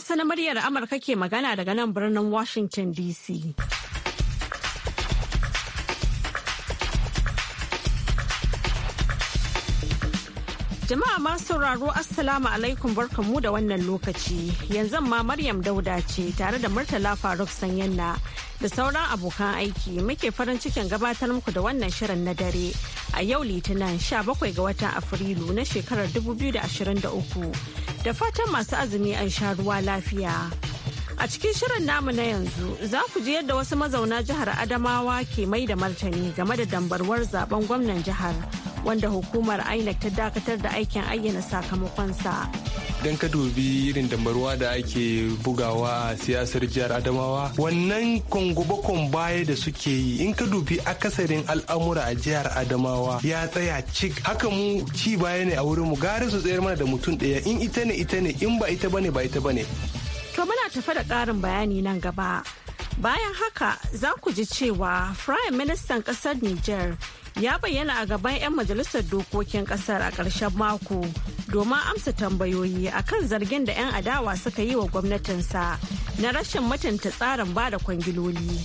Hausa na muryar Amurka ke magana daga nan birnin Washington DC. Jama'a masu sauraro Assalamu alaikum barkanmu da wannan lokaci. Yanzu ma Maryam Dauda ce tare da Murtala Faruk Sanyanna da sauran abokan aiki muke farin cikin gabatar muku da wannan shirin na dare a yau Litinin 17 ga watan Afrilu na shekarar 2023. da fatan masu azumi an sha ruwa lafiya. A cikin shirin namu na yanzu za ku ji yadda wasu mazauna jihar Adamawa ke mai da martani game da dambarwar zaben gwamnan jihar wanda hukumar INEC ta dakatar da aikin ayyana sakamakonsa. Idan ka dubi irin dambarwa da ake bugawa a siyasar jihar Adamawa, wannan kwangobakon baya da suke yi in ka dubi akasarin al'amura a jihar Adamawa ya tsaya cik haka mu ci baya ne a wurin mu gare su tsayar mana da mutum ɗaya in ita ne ita ne in ba ita bane ba ita bane. To muna tafa da ƙarin bayani nan gaba. Bayan haka za ku ji cewa Firayim Ministan ƙasar Niger ya bayyana a gaban 'yan majalisar dokokin ƙasar a ƙarshen mako domin amsa tambayoyi akan zargin da 'yan adawa suka yi wa gwamnatinsa na rashin mutunta tsarin da kwangiloli.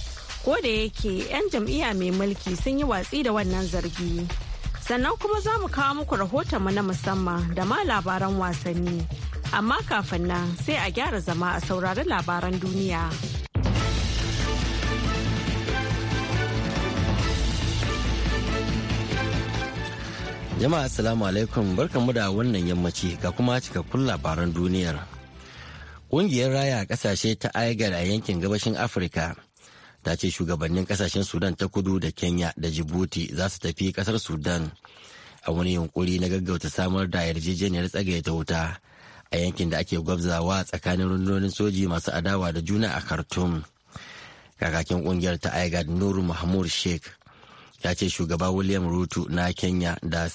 Ko da yake 'yan jam'iyya mai mulki sun yi watsi da wannan zargi. sannan kuma za mu kawo muku rahotonmu na musamman da ma labaran wasanni. Amma kafin nan sai a gyara zama a saurari labaran duniya. Jama'a Assalamu alaikum barkanmu da wannan yammaci ga kuma cikakkun labaran duniyar. Ƙungiyar raya ƙasashe ta Aigar a yankin gabashin Afirka ta ce shugabannin kasashen sudan ta kudu da kenya da jibuti za su tafi kasar sudan a wani yunkuri na gaggauta samar da yarjejeniyar ta wuta a yankin da ake gwabzawa tsakanin rundunonin soji masu adawa da juna a khartoum kakakin kungiyar ta aigad nuru mahmud sheikh ya ce shugaba william ruto na kenya da,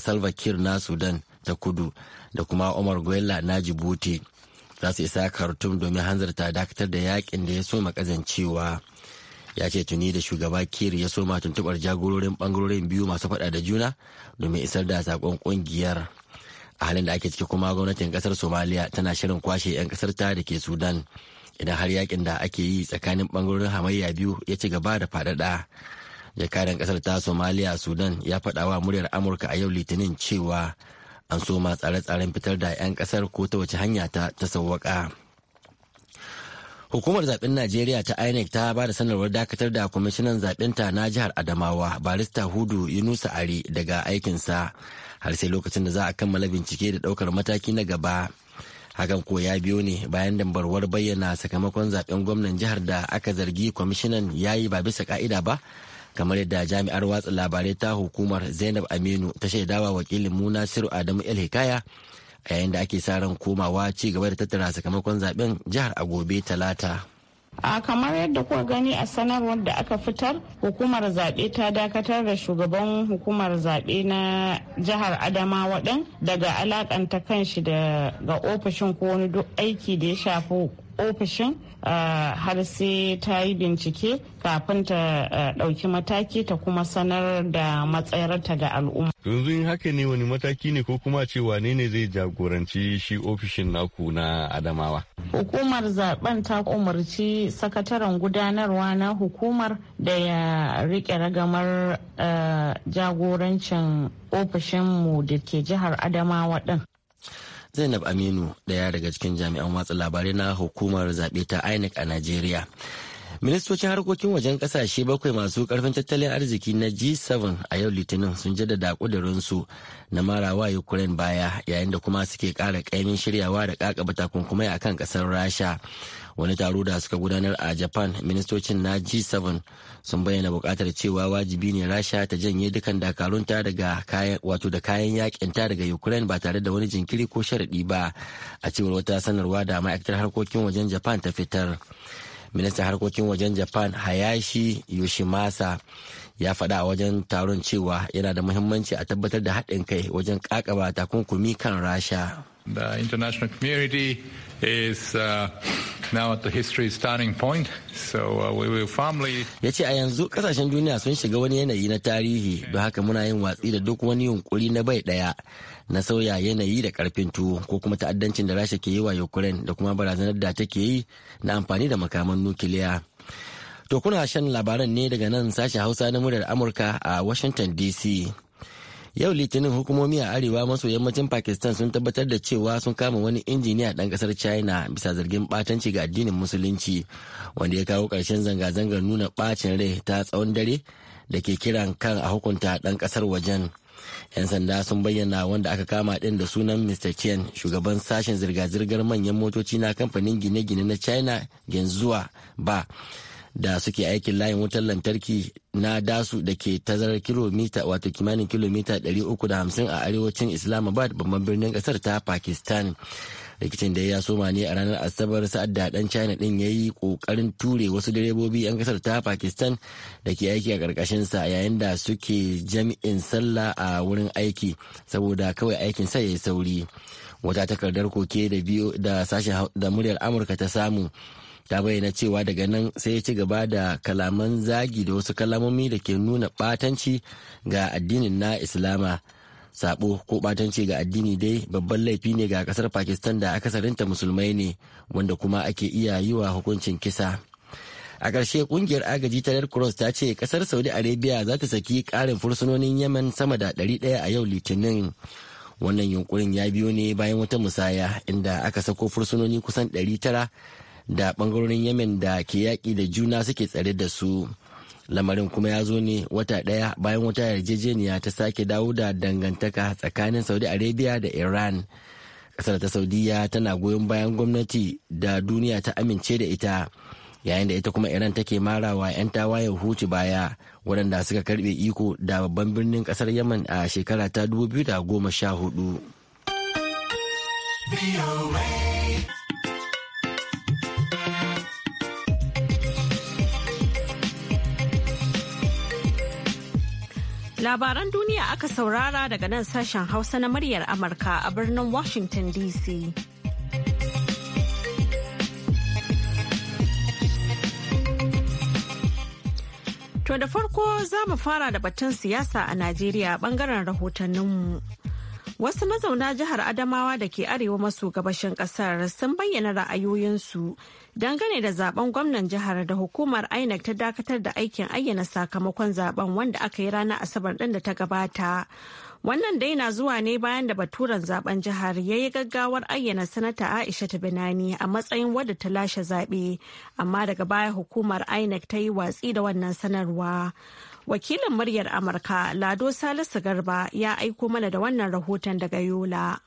salva kir na sudan ta kudu da kuma omar guella na jibuti za su isa khartoum domin hanzarta dakatar da yakin da ya so makazancewa ya ce tuni da shugaba kir ya soma tuntubar jagororin bangarorin biyu masu faɗa da juna domin isar da sakon kungiyar a halin da ake ciki kuma gwamnatin kasar somaliya tana shirin kwashe 'yan kasar ta da ke sudan idan har yakin da ake yi tsakanin bangarorin hamayya biyu ya ci gaba da faɗaɗa jakadan kasar ta somaliya sudan ya faɗa wa muryar amurka a yau litinin cewa an soma tsare-tsaren fitar da 'yan kasar ko ta wace hanya ta ta Hukumar zaben Najeriya ta INEC ta ba da sanarwar dakatar da kwamishinan ta na jihar Adamawa barista Hudu Yunusa Ari daga aikinsa har sai lokacin da za a kammala bincike da daukar mataki na gaba. Hakan ko ya biyo ne bayan dambarwar bayyana sakamakon zaben gwamnan jihar da aka zargi kwamishinan ya yi ba bisa ka'ida ba kamar yadda jami'ar watsa labarai ta hukumar Zainab Aminu ta shaidawa wakilin mu Nasiru Adamu El Hikaya yayin da ake sa ran komawa ci gaba da tattara sakamakon zaben jihar a gobe talata a kamar yadda kuka gani a sanarwar da aka fitar hukumar zaɓe ta dakatar da shugaban hukumar zaɓe na jihar adamawa waɗan daga alakanta kanshi da ga ofishin ko wani duk aiki da ya shafi ofishin eh, har sai ta yi bincike kafin ta eh, ɗauki mataki ta kuma sanar da matsayarta ga al'umma. yanzu yin haka ne wani mataki ne ko kuma ce wane ne zai jagoranci shi ofishin naku na adamawa hukumar zaben ta umarci sakataren gudanarwa na hukumar da ya rike ragamar eh, jagorancin ofishinmu da ke jihar adamawa din zainab aminu daya daga cikin jami'an watsa labarai na hukumar zaɓe ta inec a najeriya Ministocin harkokin wajen kasashe bakwai masu karfin tattalin arziki na G7 a yau Litinin sun jaddada kudurinsu na marawa Ukraine baya yayin da kuma suke kara kaimin shiryawa da kakaba takunkumai akan kasar Rasha. Wani taro da suka gudanar a Japan, ministocin na G7 sun bayyana bukatar cewa wajibi ne Rasha ta janye dukan dakarunta daga wato da kayan yakin ta daga Ukraine ba tare da wani jinkiri ko sharadi ba a cewar wata sanarwa da ma'aikatar harkokin wajen Japan ta fitar. ministan harkokin wajen japan hayashi yoshimasa ya faɗa a wajen taron cewa yana da muhimmanci a tabbatar da haɗin kai wajen kakaba takunkumi kan rasha the international community is uh, now at the history starting point so uh, we will firmly ya ce a yanzu kasashen duniya sun shiga wani yanayi na tarihi don haka muna yin watsi da duk wani yunkuri na bai daya na sauya yanayi da karfin tuwo ko kuma ta'addancin da rasha ke yi wa ukraine da kuma barazanar da take yi na amfani da makaman nukiliya To kuna shan labaran ne daga nan sashen Hausa na muryar Amurka a Washington DC. Yau Litinin hukumomi a arewa maso yammacin Pakistan sun tabbatar da cewa sun kama wani injiniya ɗan ƙasar China bisa zargin ɓatanci ga addinin Musulunci wanda ya kawo ƙarshen zanga-zangar nuna ɓacin rai ta tsawon dare da ke kiran kan a hukunta ɗan ƙasar wajen. 'Yan sanda sun bayyana wanda aka kama ɗin da sunan Mr. Chen shugaban sashen zirga-zirgar manyan motoci na kamfanin gine-gine na China Genzuwa ba. da suke aikin layin wutar lantarki na dasu da ke tazarar kilomita wato kimanin kilomita 350 a arewacin islamabad babban birnin kasar ta pakistan rikicin da ya soma ne a ranar asabar sa'ad da dan china din ya yi kokarin ture wasu direbobi yan kasar ta pakistan da ke aiki a karkashin sa yayin da suke jami'in sallah a wurin aiki saboda kawai aikin sa ya sauri wata takardar koke da biyo da sashen da muryar amurka ta samu ta bayyana cewa daga nan sai ya ci gaba da kalaman zagi da wasu kalamomi da ke nuna batanci ga addinin na islama sabo ko batanci ga addini dai babban laifi ne ga ƙasar pakistan da akasarinta musulmai ne wanda kuma ake iya yi wa hukuncin kisa a ƙarshe ƙungiyar agaji ta red cross ta ce ƙasar saudi arabia za ta saki ƙarin fursunonin yemen sama da 100 a yau litinin wannan yunkurin ya biyo ne bayan wata musaya inda aka sako fursunoni kusan 900 da bangarorin yemen da ke yaƙi da juna suke tsare da su lamarin kuma ya zo ne wata ɗaya bayan wata yarjejeniya ta sake dawo da dangantaka tsakanin saudi arabia da iran ƙasar ta saudiya tana goyon bayan gwamnati da duniya ta amince da ita yayin da ita kuma iran take marawa 'yan tawayen hutu baya waɗanda suka karɓe iko da babban birnin ƙasar yaman a shekara ta 2014 Labaran duniya aka saurara daga nan sashen Hausa na muryar Amurka a birnin Washington DC. To da farko za mu fara da batun siyasa a Najeriya bangaren rahotanninmu. Wasu mazauna jihar Adamawa da ke arewa maso gabashin kasar sun bayyana ra'ayoyinsu dangane da zaben gwamnan jihar da hukumar INEC ta dakatar da aikin ayyana sakamakon zaben wanda aka yi ranar Asabar ɗin da ta gabata. Wannan dai na zuwa ne bayan da baturen zaben jihar ya yi gaggawar ayyana sanata Aisha ta Binani a matsayin wadda ta lashe zaɓe, amma daga baya hukumar INEC ta yi watsi da wannan sanarwa. Wakilin muryar Amurka Lado Salisu Garba ya aiko mana da wannan rahoton daga Yola.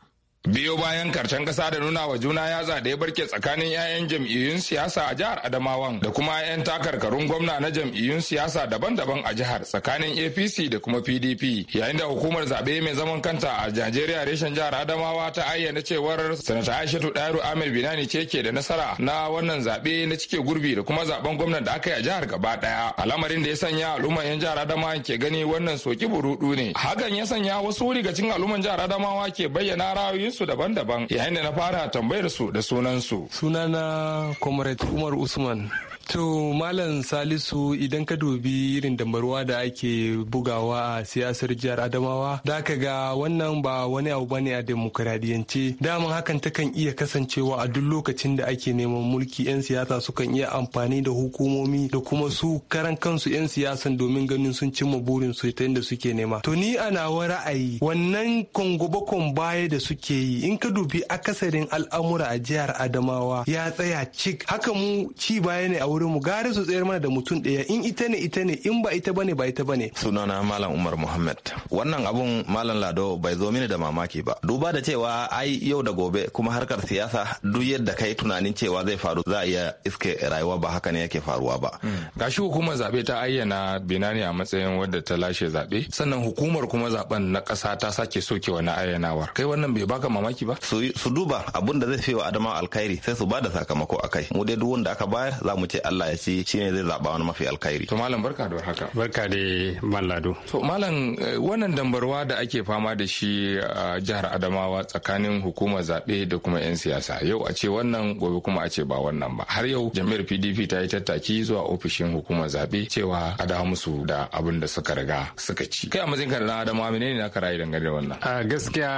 biyo bayan karshen kasa da nuna wa juna ya da ya barke tsakanin 'ya'yan jam'iyyun siyasa a jihar adamawan da kuma yayan takarkarun gwamna na jam'iyyun siyasa daban-daban a jihar tsakanin apc da kuma pdp yayin da hukumar zaɓe mai zaman kanta a najeriya reshen jihar adamawa ta ayyana cewar sanata aishatu dairu amir binani ce ke da nasara na wannan zaɓe na cike gurbi da kuma zaben gwamnan da aka yi a jihar gaba ɗaya al'amarin da ya sanya al'umman 'yan jihar adamawa ke gani wannan soki burudu ne hakan ya sanya wasu daga cikin al'umman jihar adamawa ke bayyana ra'ayoyin su daban-daban yayin da na fara tambayar su da sunansu. Sunana Comrade Umar Usman To Malam Salisu idan ka dubi irin dambarwa da ake bugawa a siyasar jihar Adamawa, da ka ga wannan ba wani abu bane a demokradiyance. Daman hakan takan iya kasancewa a duk lokacin da ake neman mulki 'yan siyasa sukan iya amfani da hukumomi da kuma su karan kansu 'yan siyasan domin ganin sun cimma burin su ta inda suke nema. To ni a nawa ra'ayi wannan kwangobakon baya da suke yi in ka dubi akasarin al'amura a jihar Adamawa ya tsaya cik. Haka mu ci baya ne a wuri. wurin mu gare su tsayar mana da mutum ɗaya in ita ne ita ne in ba ita bane ba ita bane sunana malam umar muhammad wannan abun malam lado bai zo mini da mamaki ba duba da cewa ai yau da gobe kuma harkar siyasa duk yadda kai tunanin cewa zai faru za a iya iske rayuwa ba haka ne yake faruwa ba hmm. gashi hukumar zabe ta ayyana binani a matsayin wadda ta lashe zabe sannan hukumar kuma zaben na ƙasa ta sake sokewa na ayyanawar kai wannan bai baka mamaki ba su duba abun da zai fi wa adama alkhairi sai su ba da sakamako akai mu dai duk wanda aka bayar za mu ce Allah ya ce shine zai zaba wani mafi alkhairi to malam barka da warhaka barka da mallado to malam eh, wannan dambarwa da ake fama da shi a jihar Adamawa tsakanin hukumar zabe da kuma yan siyasa yau a ce wannan gobe kuma a ce ba wannan ba har yau jami'ar PDP ta yi tattaki zuwa ofishin hukumar zabe cewa a dawo musu da abin da suka riga suka ci kai a matsayin ka da Adamawa menene naka ra'ayi dangane da wannan gaskiya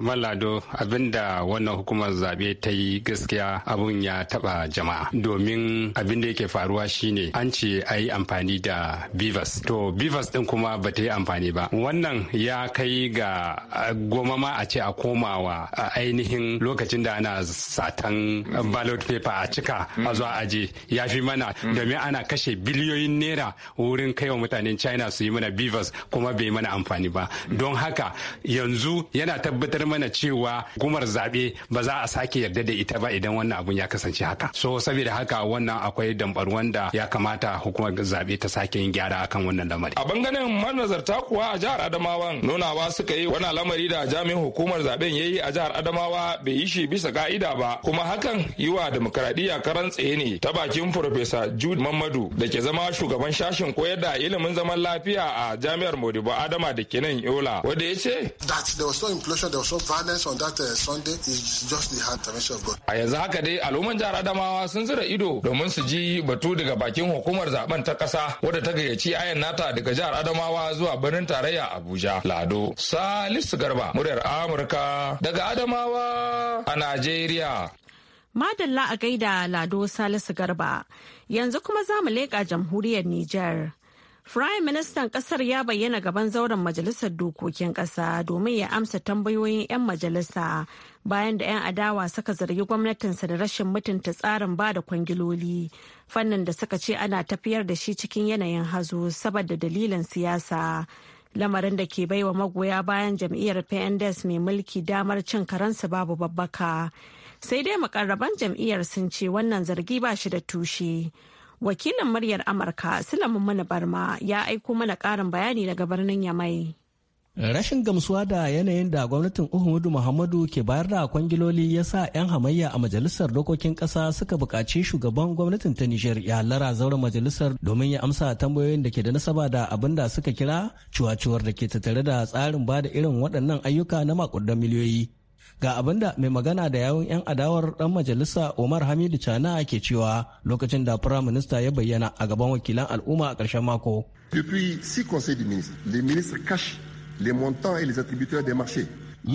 mallado abinda wannan hukumar zabe ta yi gaskiya abun ya taɓa jama'a domin abin da yake faruwa shine an ce a yi amfani da beavers to beavers din kuma ba ta yi amfani ba wannan ya kai ga goma ma a ce a komawa a ainihin lokacin da ana satan ballot paper a cika a zuwa aje ya fi mana domin ana kashe biliyoyin naira wurin kai wa mutanen china su yi mana beavers kuma bai mana amfani ba don haka yanzu yana tabbatar mana cewa gumar zaɓe ba za a sake yarda da ita ba idan wannan abun ya kasance haka so saboda haka wannan akwai dambar wanda ya kamata hukumar zabe ta sake yin gyara akan wannan lamari. A bangaren manazarta kuwa a jihar Adamawan nunawa suka yi wani lamari da jami'in hukumar zaben ya yi a jihar Adamawa bai yi shi bisa ka'ida ba kuma hakan yi wa demokaradiyya karan tsaye ne ta bakin profesa Jude Mamadu da ke zama shugaban sashen koyar da ilimin zaman lafiya a jami'ar Modibo Adama da ke nan Yola wanda ya ce. That there A yanzu haka dai al'umman jihar Adamawa sun zira ido domin su ji batu daga bakin hukumar zaben ta kasa, wadda ta gayyaci ayan nata daga jihar Adamawa zuwa birnin tarayya Abuja. Lado Salisu Garba muryar Amurka daga Adamawa a Najeriya. Madalla a gaida Lado Salisu Garba. Yanzu kuma za mu leƙa jamhuriyar Nijar. Firayim Ministan ƙasar ya bayyana gaban zauren Majalisar Dokokin ƙasa domin ya amsa tambayoyin 'yan majalisa bayan da 'yan adawa suka zargi gwamnatinsa da rashin mutunta tsarin ba da kwangiloli fannin da suka ce ana tafiyar da shi cikin yanayin hazo saboda dalilin siyasa lamarin da ke baiwa magoya bayan jam'iyyar pnds mai mulki damar cin karansa babu babbaka sai dai makarraban jam'iyyar sun ce wannan zargi ba shi da tushe wakilin muryar amurka sulaiman mana barma ya aiko mana karin bayani daga birnin yamai Rashin gamsuwa da yanayin da gwamnatin Uhumudu Muhammadu ke bayar da kwangiloli ya sa 'yan hamayya a majalisar dokokin ƙasa suka buƙaci shugaban gwamnatin ta Nijar ya lara zauren majalisar domin ya amsa tambayoyin da ke da nasaba da abin da suka kira cuwacuwar da ke tattare da tsarin ba da irin waɗannan ayyuka na makudan miliyoyi. Ga abin da mai magana da yawun 'yan adawar ɗan majalisa Omar Hamidu Chana ke cewa lokacin da Firaminista ya bayyana a gaban wakilan al'umma a ƙarshen mako. Depuis six conseils du ministre ministre les montants et les attributeurs des marchés.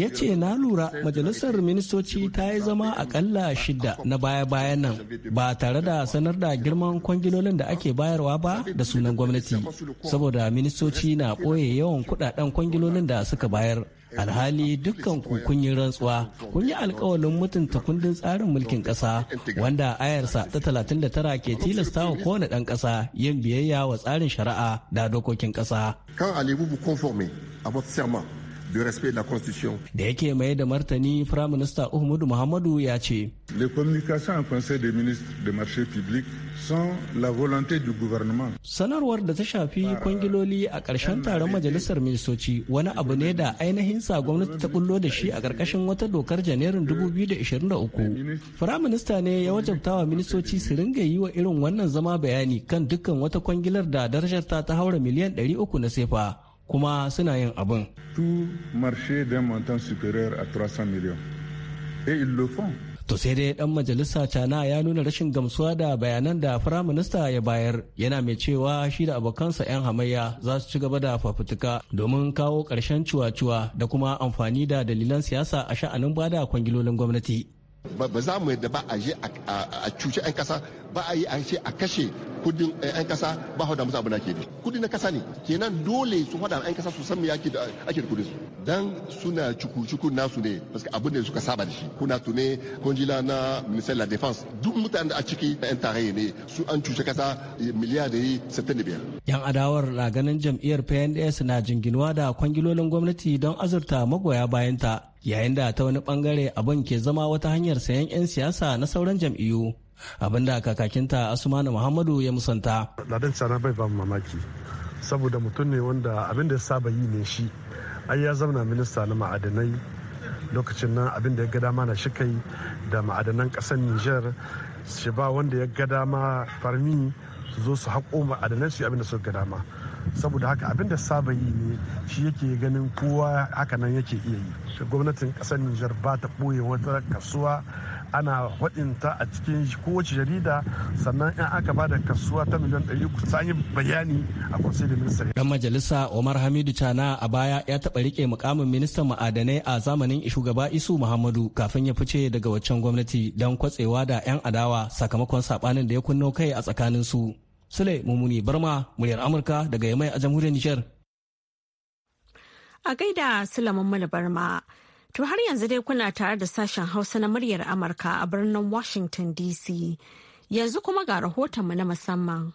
ya ce na lura majalisar ministoci ta yi zama akalla shida na baya-bayan nan ba tare da sanar da girman kwangilolin da ake bayarwa ba da sunan gwamnati saboda ministoci na ɓoye yawan kudaden kwangilolin da suka bayar alhali dukkan ku kun yi rantsuwa kun yi alkawalin mutunta kundin tsarin mulkin kasa wanda ayarsa ta 39 ke tilasta wa kowane dan kasa yin biyayya wa tsarin shari'a da dokokin kasa. Kan alibu conforme a de respect de la constitution. Da yake mai da martani Prime Minister Uhumudu Muhammadu ya ce. Les communications en conseil des ministres de marché public sont la volonté du gouvernement. Sanarwar da ta shafi kwangiloli a ƙarshen taron majalisar ministoci wani abu ne da ainihin sa gwamnati ta bullo da shi a ƙarƙashin wata dokar Janairun 2023. Firayim Minista ne ya wajabta wa ministoci su ringa yi wa irin wannan zama bayani kan dukkan wata kwangilar da darajar ta ta haura miliyan 300 na sefa. kuma suna yin abin. Tu marshe da montant superior a 300 million. Et ils To sai dai dan majalisa Cana ya nuna rashin gamsuwa da bayanan da firaminista ya bayar yana mai cewa shi da abokansa 'yan hamayya za su ci gaba da fafutuka domin kawo ƙarshen cuwa-cuwa da kuma amfani da dalilan siyasa a sha'anin bada kwangilolin gwamnati. ba za mu yadda ba a je a cuci 'yan kasa ba a yi a ce a kashe kudin 'yan eh, kasa ba hada musu abin na ke kudi na kasa ne kenan dole su hada 'yan kasa su san me ake da kudin su dan suna cuku-cuku nasu ne parce abin da suka saba da shi kuna tune konjila na minister la defense duk mutane da a ciki 'yan tarayya ne su an cuci kasa eh, miliyar da yi 65 yan adawar na ganin jam'iyyar pnds na jinginuwa da kwangilolin gwamnati don azurta magoya bayanta yayin da ta wani bangare abin ke zama wata hanyar sayan 'yan siyasa na sauran jam'iyyu da kakakinta asumani muhammadu ya musanta ladan sana bai ba mamaki saboda mutum ne wanda abin da ya saba yi ne shi ai ya zama minista na ma'adanai lokacin nan abin da ya ga dama na shi kai da ma'adanan ƙasar niger shi ba wanda ya ga dama farmi su zo su haƙo ma'adanan shi abin da suka ga dama saboda haka abin da saba yi ne shi yake ganin kowa haka nan yake iya yi gwamnatin kasar nijar ba ta ɓoye wata kasuwa ana waɗinta a cikin kowace jarida sannan in aka ba da kasuwa ta miliyan 100 kusan yi bayani a kwasai da minista dan majalisa omar hamidu chana a baya ya taba rike mukamin ministan ma'adanai a zamanin shugaba isu muhammadu kafin ya fice daga waccan gwamnati don kwatsewa da 'yan adawa sakamakon saɓanin da ya kunno kai a tsakanin su Sule Mumuni Barma muryar Amurka daga Yamai a jamhuriyar Nijar. A gaida Sule Mumuni Barma. To har yanzu dai kuna tare da sashen Hausa na muryar Amurka a birnin Washington DC. Yanzu kuma ga rahotonmu na musamman.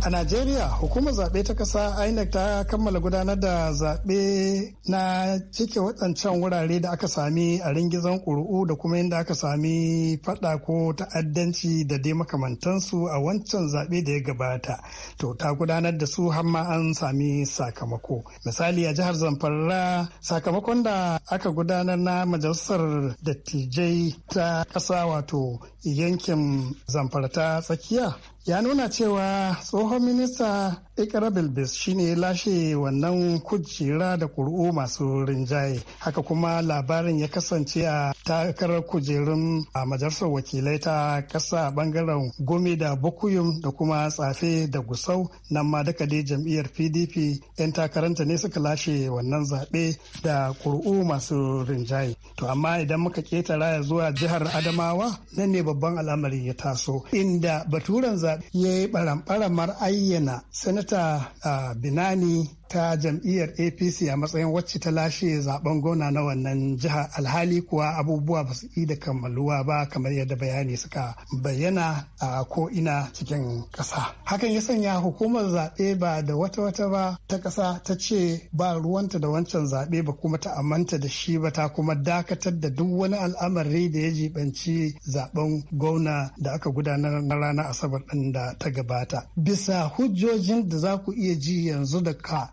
A Najeriya, hukumar zaɓe ta ƙasa INEC ta kammala gudanar da zaɓe na cike waɗancan wurare da aka sami a ringizan ƙuri'u da kuma yadda aka sami faɗa ko ta'addanci da dai makamantansu a wancan zaɓe da ya gabata. To ta gudanar da su har ma an sami sakamako. Misali a jihar Zamfara sakamakon da aka gudanar na majalisar dattijai ta ƙasa wato yankin Zamfara ta tsakiya ya nuna cewa tsohon tsohon minista ikra bilbis shine ya lashe wannan kujera da kuri'u masu rinjaye haka kuma labarin ya kasance a takarar kujerun a majalisar wakilai ta kasa bangaren gome da bukuyum da kuma tsafe da gusau nan ma duka dai jam'iyyar pdp 'yan takaranta ne suka lashe wannan zaɓe da kuri'u masu rinjaye to amma idan muka ketara ya zuwa jihar adamawa nan ne babban al'amari ya taso inda baturen zaɓe ya yi barambaramar ayyana sanata ah, binani ta jam'iyyar apc a matsayin wacce ta lashe zaben gona na wannan jiha alhali kuwa abubuwa ba su yi da kammaluwa ba kamar yadda bayani suka bayyana a ko'ina cikin ƙasa hakan ya sanya hukumar zaɓe ba da wata wata ba ta ƙasa ta ce ba ruwanta da wancan zaɓe ba kuma ta amanta da shi ba ta kuma dakatar da duk wani al'amari da ya jibanci zaben gona da aka gudanar na ranar asabar ɗin da ta gabata bisa hujjojin da za ku iya ji yanzu da ka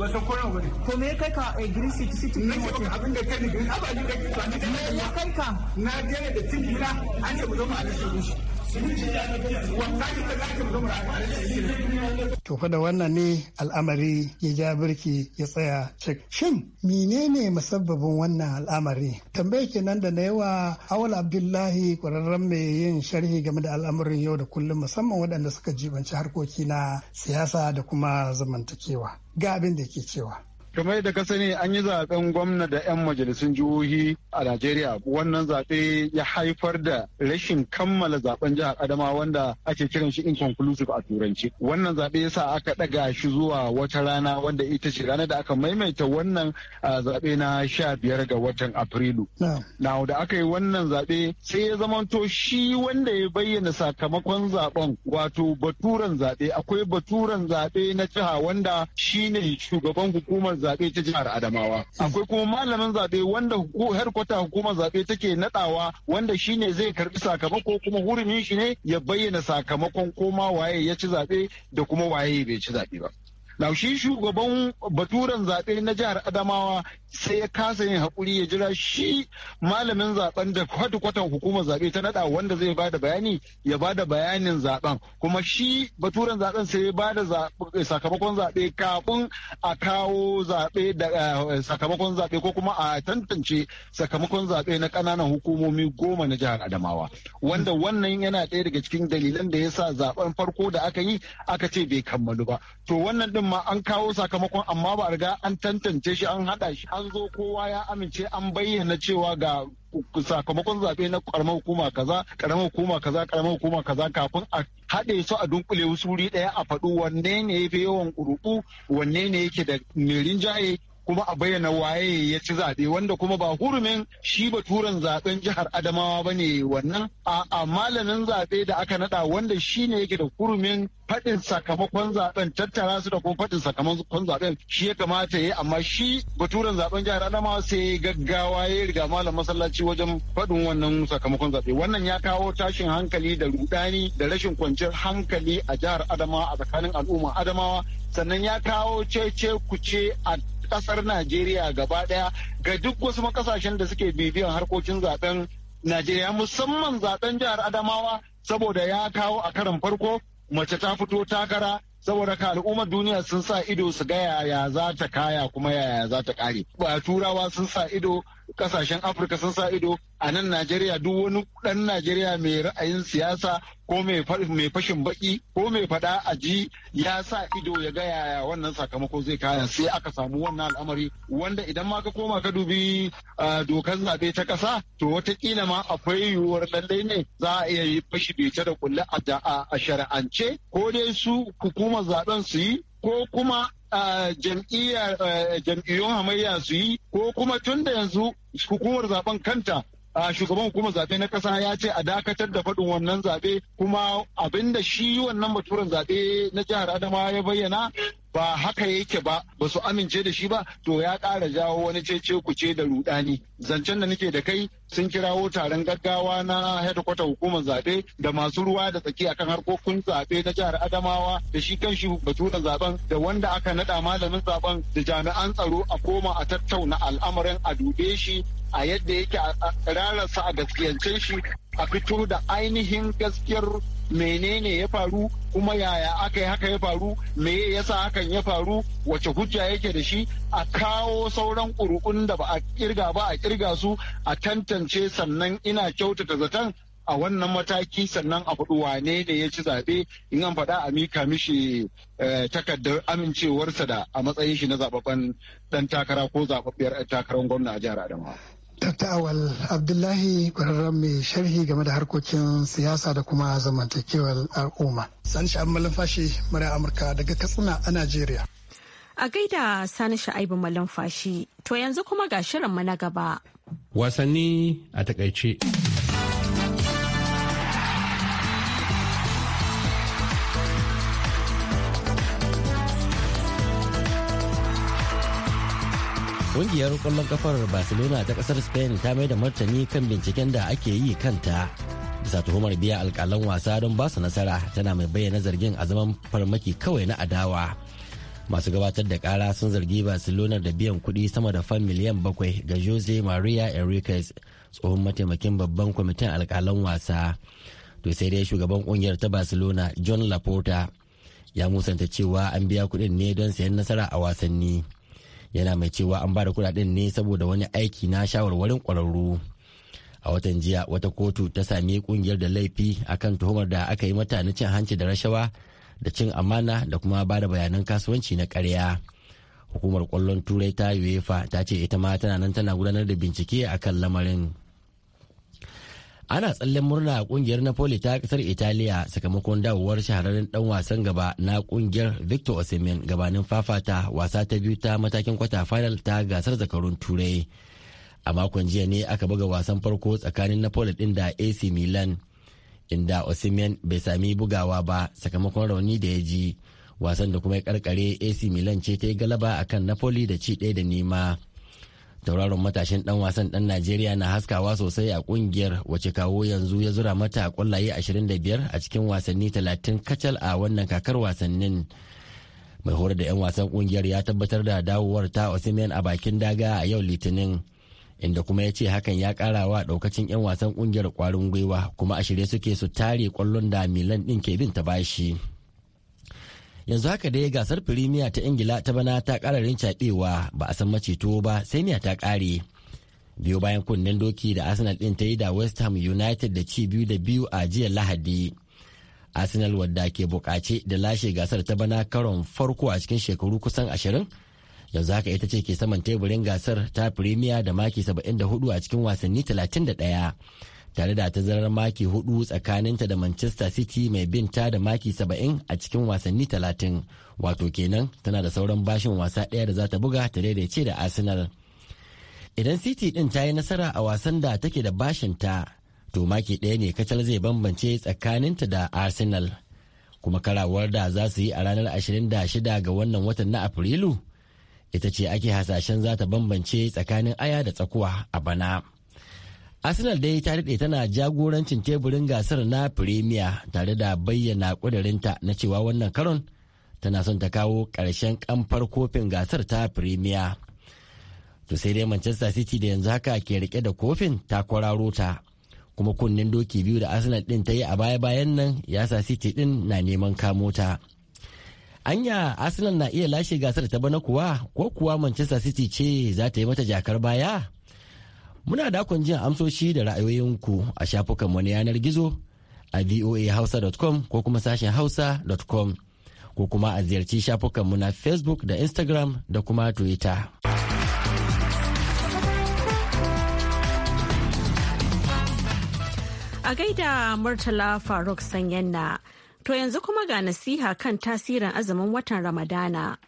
ba san koyon bane to me kai ka a eh, green city city ne wato abin da kai ne green abin da ne na kai ka na je da tinki na an ce mu zo mu a shi To fa da wannan ne al'amari ya ja birki ya tsaya cik. Shin menene musabbabin wannan al'amari? Tambaye kenan da na yawa Awal Abdullahi ƙwararren mai yin sharhi game da al'amarin yau da kullum musamman waɗanda suka jibanci harkoki na siyasa da kuma zamantakewa. Ga abin da ke cewa. kamar da ka sani an yi zaben gwamna da 'yan majalisun jihohi a najeriya wannan zaɓe ya haifar da rashin kammala zaben jihar adama wanda ake kiran shi inconclusive a turanci wannan zaɓe yasa aka ɗaga shi zuwa wata rana wanda ita ce ranar da aka maimaita wannan zaɓe na sha biyar ga watan afrilu na da aka yi wannan zaɓe sai ya zamanto shi wanda ya bayyana sakamakon zaben wato baturen zaɓe akwai baturan zaɓe na jiha wanda shine shugaban hukumar zaɓe ta jihar Adamawa. Akwai kuma malamin zaɓe wanda herkwata hukumar zaɓe take naɗawa wanda shi ne zai karɓi sakamako kuma hurumin shi ne ya bayyana sakamakon koma waye ya ci zaɓe da kuma waye bai ci zaɓe ba. laushi shugaban baturen zaɓe na jihar adamawa sai ya kasa yin haƙuri ya jira shi malamin zaɓen da kwata-kwatan hukumar zaɓe ta naɗa wanda zai bada bayani ya bada bayanin zaɓen kuma shi baturen zaɓen sai ya bada sakamakon zaɓe kafin a kawo zaɓe da eh, sakamakon zaɓe ko kuma a tantance sakamakon zaɓe na ƙananan hukumomi goma na jihar Adamawa wanda wannan yana ɗaya daga cikin dalilan da ya sa zaɓen farko da aka yi aka ce bai kammalu ba to wannan din ma an kawo sakamakon amma ba a riga an tantance shi an hada shi an zo kowa ya amince an bayyana cewa ga sakamakon zaɓe na karamar hukuma kaza karamar hukuma kaza karamar hukuma kaza kafin a haɗe su a dunkule wasu wuri ɗaya a faɗu wanne ne ya fi yawan ƙuruƙu wanne ne yake da merin jaye kuma a bayyana waye ya ci zaɓe wanda kuma ba hurumin shi ba turan zaɓen jihar Adamawa ba ne wannan a malamin zaɓe da aka naɗa wanda shi ne yake da hurumin faɗin sakamakon zaɓen tattara su da kuma faɗin sakamakon zaɓen shi ya kamata ya amma shi turan zaɓen jihar Adamawa sai gaggawa ya riga malam masallaci wajen faɗin wannan sakamakon zaɓe wannan ya kawo tashin hankali da rudani da rashin kwanciyar hankali a jihar Adamawa a tsakanin al'umma Adamawa sannan ya kawo cece kuce a kasar Najeriya gaba daya ga duk wasu makasashen da suke bibiyan harkokin zaben Najeriya musamman zaben jihar Adamawa saboda ya kawo a karan farko mace ta fito takara saboda ka al'ummar duniya sun sa ido su ga yaya za ta kaya kuma yaya za ta kare. Ba turawa sun sa ido kasashen afirka sun sa ido a nan najeriya duk wani dan najeriya mai ra'ayin siyasa ko mai fashin baki ko mai fada a ji ya sa ido ya ga yaya wannan sakamako zai kaya sai aka samu wannan al'amari wanda idan ma ka koma ka dubi dokar zaɓe ta ƙasa to watakila ma akwai yiwuwar lallai ne za a iya yi fashi bece da kulle a shari'ance ko dai su hukumar zaben su yi ko kuma jam'iyyun hamayya su yi ko kuma tun da yanzu hukumar zaben kanta a shugaban hukumar zaɓe na ƙasa ya ce a dakatar da faɗin wannan zaɓe kuma abinda shi wannan baturen zaɓe na jihar adama ya bayyana ba haka yake ba ba su amince da shi ba to ya kara jawo wani cece kuce da rudani zancen da nake da kai sun kirawo taron gaggawa na headquarter hukumar zaɓe da masu ruwa da tsaki akan harkokin zaɓe na jihar adamawa da shi kan shi baturen zaben da wanda aka naɗa malamin zaben da jami'an tsaro a koma a tattauna al'amarin a dube shi a yadda yake a rarasa a gaskiyance shi a fito da ainihin gaskiyar menene ya faru kuma yaya aka yi haka ya faru me yasa hakan ya faru wace hujja yake da shi a kawo sauran ƙuri'un da ba a kirga ba a kirga su a tantance sannan ina kyautata zaton a wannan mataki sannan a faɗi wane ne ya ci zaɓe in an faɗa a mika mishi eh, takardar amincewarsa da a matsayin shi na zababben ɗan takara ko zababbiyar takarar gwamna a jihar Adamawa. Dr. Awal Abdullahi ƙwararren mai sharhi game da harkokin siyasa da kuma zamantakewar al'umma. Sani Sha'ab Malamfashi, mara Amurka daga Katsina a Najeriya. A gaida Sani Sha'aibu Malamfashi, to yanzu kuma ga shirinmu na gaba. Wasanni a takaice. Kungiyar kwallon kafar Barcelona ta kasar Spain ta mai da martani kan binciken da ake yi kanta. Bisa tuhumar biya alkalan wasa don basu nasara tana mai bayyana zargin a zaman farmaki kawai na adawa. Masu gabatar da kara sun zargi Barcelona da biyan kuɗi sama da fan miliyan bakwai ga Jose Maria Enriquez tsohon mataimakin babban kwamitin alkalan wasa. To sai dai shugaban kungiyar ta Barcelona John Laporta ya musanta cewa an biya kuɗin ne don sayan nasara a wasanni. yana mai cewa an ba da kudaden ne saboda wani aiki na shawarwarin kwararru a watan jiya wata kotu ta sami kungiyar da laifi akan tuhumar da aka yi mata na cin hanci da rashawa da cin amana da kuma ba da bayanan kasuwanci na karya hukumar kwallon turai ta uefa ta ce ita ma tana nan tana gudanar da bincike akan lamarin ana tsallen murna a kungiyar napoli ta kasar italiya sakamakon dawowar shahararren dan wasan gaba na kungiyar victor osimhen gabanin fafata wasa ta biyu ta matakin kwata final ta gasar zakarun turai a makon jiya ne aka buga wasan farko tsakanin napoli din da ac milan inda osimhen bai sami bugawa ba sakamakon rauni da ya ji wasan da kuma ya karkare ac milan ce ta yi galaba akan napoli da ci ɗaya da nima. tauraron matashin dan wasan dan najeriya na haskawa sosai a kungiyar wace kawo yanzu ya zura mata kwallaye 25 a cikin wasanni 30 kacal a wannan kakar wasannin mai horar da 'yan wasan kungiyar ya tabbatar da dawowar ta osimhen a bakin daga a yau litinin inda kuma ya ce hakan ya kara wa daukacin 'yan wasan kungiyar kwarin gwiwa kuma a shirye suke su tare kwallon da milan din ke bin ta bashi. yanzu haka dai gasar firimiya ta ingila ta bana ta kararin caɓewa ba a san maceto ba sai miya ta kare biyu bayan kunnen doki da arsenal ɗin ta yi da west ham united da ci biyu da biyu a jiya lahadi arsenal wadda ke bukace da lashe gasar ta bana karon farko a cikin shekaru kusan ashirin yanzu haka ita ce ke saman teburin gasar ta firimiya da maki hudu a cikin wasanni talatin da ɗaya. tare da tazarar maki hudu tsakaninta da manchester city mai bin ta da maki saba'in a cikin wasanni talatin, wato kenan tana da sauran bashin wasa ɗaya da za ta buga ta daidaice da arsenal idan city ɗin ta yi nasara a wasan da take da bashin ta to maki ɗaya ne kacal zai bambance tsakaninta da arsenal kuma karawar da za su yi a ranar 26 ga wannan watan na afrilu ita ce ake hasashen za ta bambance tsakanin aya da tsakuwa a bana. arsenal dai ta daɗe tana jagorancin teburin gasar na firemiya tare da bayyana ƙudurinta na cewa wannan karon tana son ta kawo ƙarshen kamfar kofin gasar ta firemiya to sai dai manchester city da yanzu haka ke rike da kofin ta kwararo ta kuma kunnen doki biyu da arsenal ɗin ta yi a baya-bayan nan ya sa city ɗin na neman kamo ta anya arsenal na iya lashe gasar ta bana kuwa ko kuwa manchester city ce za ta yi mata jakar baya Muna da kun jin amsoshi da ra'ayoyinku a shafukan wani yanar gizo a voahausa.com ko kuma sashen hausa.com ko kuma a ziyarci shafukanmu na Facebook da Instagram da kuma Twitter. A gaida Murtala Faruk Sanyanna, to yanzu kuma ga nasiha kan tasirin azumin watan Ramadana.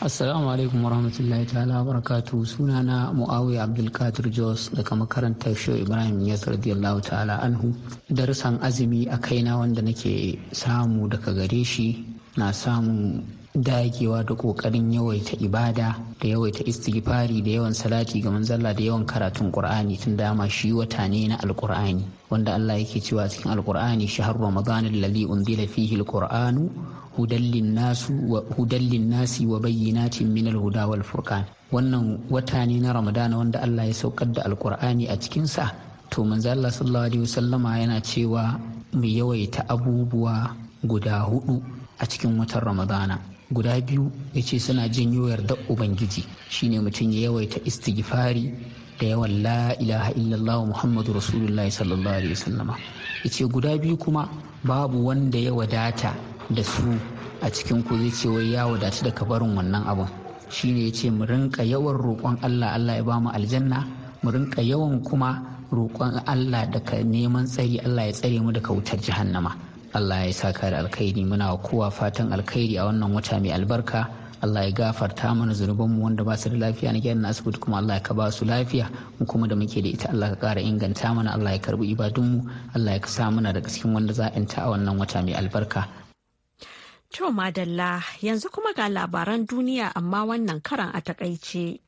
Assalamu alaikum warahmatullahi ta'ala barakatu suna na Muawiya Abdulkadir Jos daga makarantar Shehu Ibrahim Yas radiyallahu ta'ala anhu darsan azumi a kaina wanda nake samu daga gare shi na samun dagewa da kokarin yawaita ibada da yawaita istighfari da yawan salati ga manzalla da yawan karatun qur'ani tun dama shi wata ne na alqur'ani wanda Allah yake cewa cikin alkur'ani shahar ramadan alladhi unzila fihi alqur'anu hudallin nasu wa hudallin nasi wa bayyinatin min alhuda wal furqan wannan wata ne na ramadana wanda Allah ya saukar da alkur'ani a cikin sa to manzo Allah sallallahu alaihi wasallama yana cewa mu yawaita abubuwa guda hudu a cikin watan ramadana guda biyu ya ce suna jin yoyar da ubangiji shine mutum ya yawaita istighfari da yawan la ilaha illallah muhammadu rasulullah sallallahu alaihi wasallama yace guda biyu kuma babu wanda ya wadata da su a cikin ku zai ce wai ya wadatu da kabarin wannan abun shine yace mu rinka yawan roƙon Allah Allah ya bamu aljanna mu rinka yawan kuma roƙon Allah daga neman tsari Allah ya tsare mu daga wutar jahannama Allah ya saka da alkhairi muna kowa fatan alkhairi a wannan wata mai albarka Allah ya gafarta mana zunubanmu wanda ba su da lafiya na gidan asibiti kuma Allah ka ba su lafiya mu kuma da muke da ita Allah ka ƙara inganta mana Allah ya karbi ibadunmu Allah ya sa mana daga cikin wanda za a a wannan wata mai albarka. To madalla yanzu kuma ga labaran duniya amma wannan karan a takaice.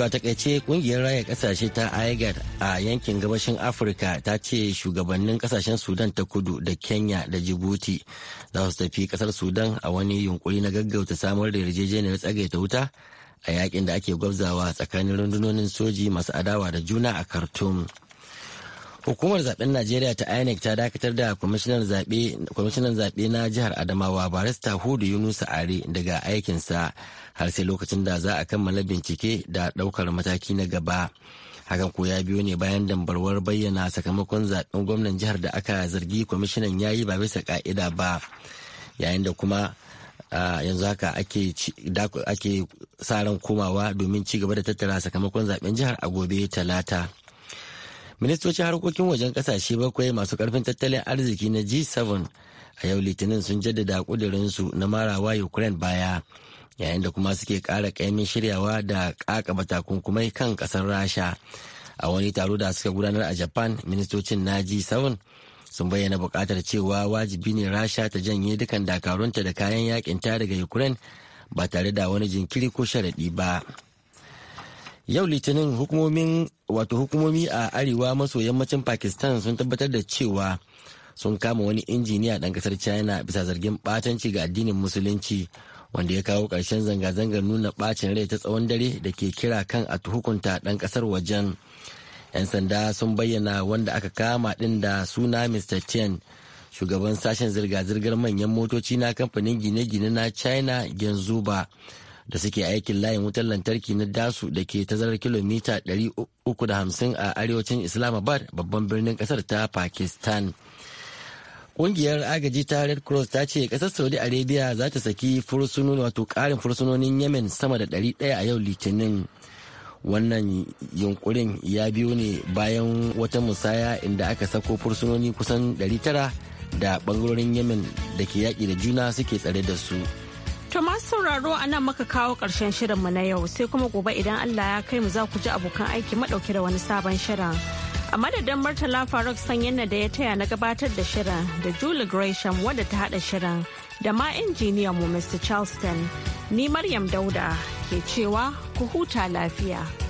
To a takaice kungiyar raya kasashe ta IGAD a yankin gabashin Afirka ta ce shugabannin kasashen Sudan ta kudu da Kenya da Djibouti za su tafi kasar Sudan a wani yunkuri na gaggauta samar da yarjejeniyar tsagaita wuta a yakin da ake gwabzawa tsakanin rundunonin soji masu adawa da juna a Khartoum. hukumar zaben najeriya ta inec ta dakatar da kwamishinan zaɓe na jihar adamawa barista hudu yunusa are daga aikinsa har sai lokacin da za a kammala bincike da ɗaukar mataki na gaba hakan ko ya biyo ne bayan dambarwar bayyana sakamakon zaben gwamnan jihar da aka zargi kwamishinan ya yi ba bisa ka'ida ba yayin da kuma yanzu haka ake sa ran komawa domin ci gaba da tattara sakamakon zaben jihar a gobe talata ministocin harkokin wajen kasashe bakwai masu karfin tattalin arziki na g7 a yau litinin sun jaddada kudurinsu na marawa ukraine baya yayin da kuma suke kara kaimin shiryawa da kakaba takunkumai kan kasar rasha a wani taro da suka gudanar a japan ministocin na g7 sun bayyana bukatar cewa wajibi ne rasha ta janye dukan dakarunta da kayan yakinta daga ukraine ba tare da wani jinkiri ko sharaɗi ba. yau litinin hukumomin wato hukumomi a arewa maso yammacin pakistan sun tabbatar da cewa sun kama wani injiniya dan ƙasar china bisa zargin ɓatanci ga addinin musulunci wanda ya kawo karshen zanga-zangar nuna bacin rai ta tsawon dare da ke kira kan a hukunta ɗan kasar wajen 'yan sanda sun bayyana wanda aka kama ɗin da suna mr chen shugaban sashen zirga-zirgar manyan motoci na kamfanin gine-gine na china genzuba da suke aikin layin wutar lantarki na dasu da ke tazarar kilomita 350 a arewacin islamabad babban birnin kasar ta pakistan kungiyar agaji ta red cross ta ce kasar saudi arabia za ta saki fursunoni wato karin fursunonin yemen sama da 100 a yau litinin wannan yunkurin ya biyo ne bayan wata musaya inda aka sako fursunoni kusan 900 da bangarorin yemen da ke yaƙi da juna suke tsare da su. To masu sauraro a nan muka kawo ƙarshen shirinmu na yau sai kuma gobe idan Allah ya kai mu za ku ji abokan aiki maɗauke da wani sabon shirin. A madadin Murtala Faruk Sanyin da ya taya na gabatar da shirin da Julie Gresham wadda ta haɗa shirin da ma injiniyan mu Mr. Charleston. Ni Maryam Dauda ke cewa ku huta lafiya.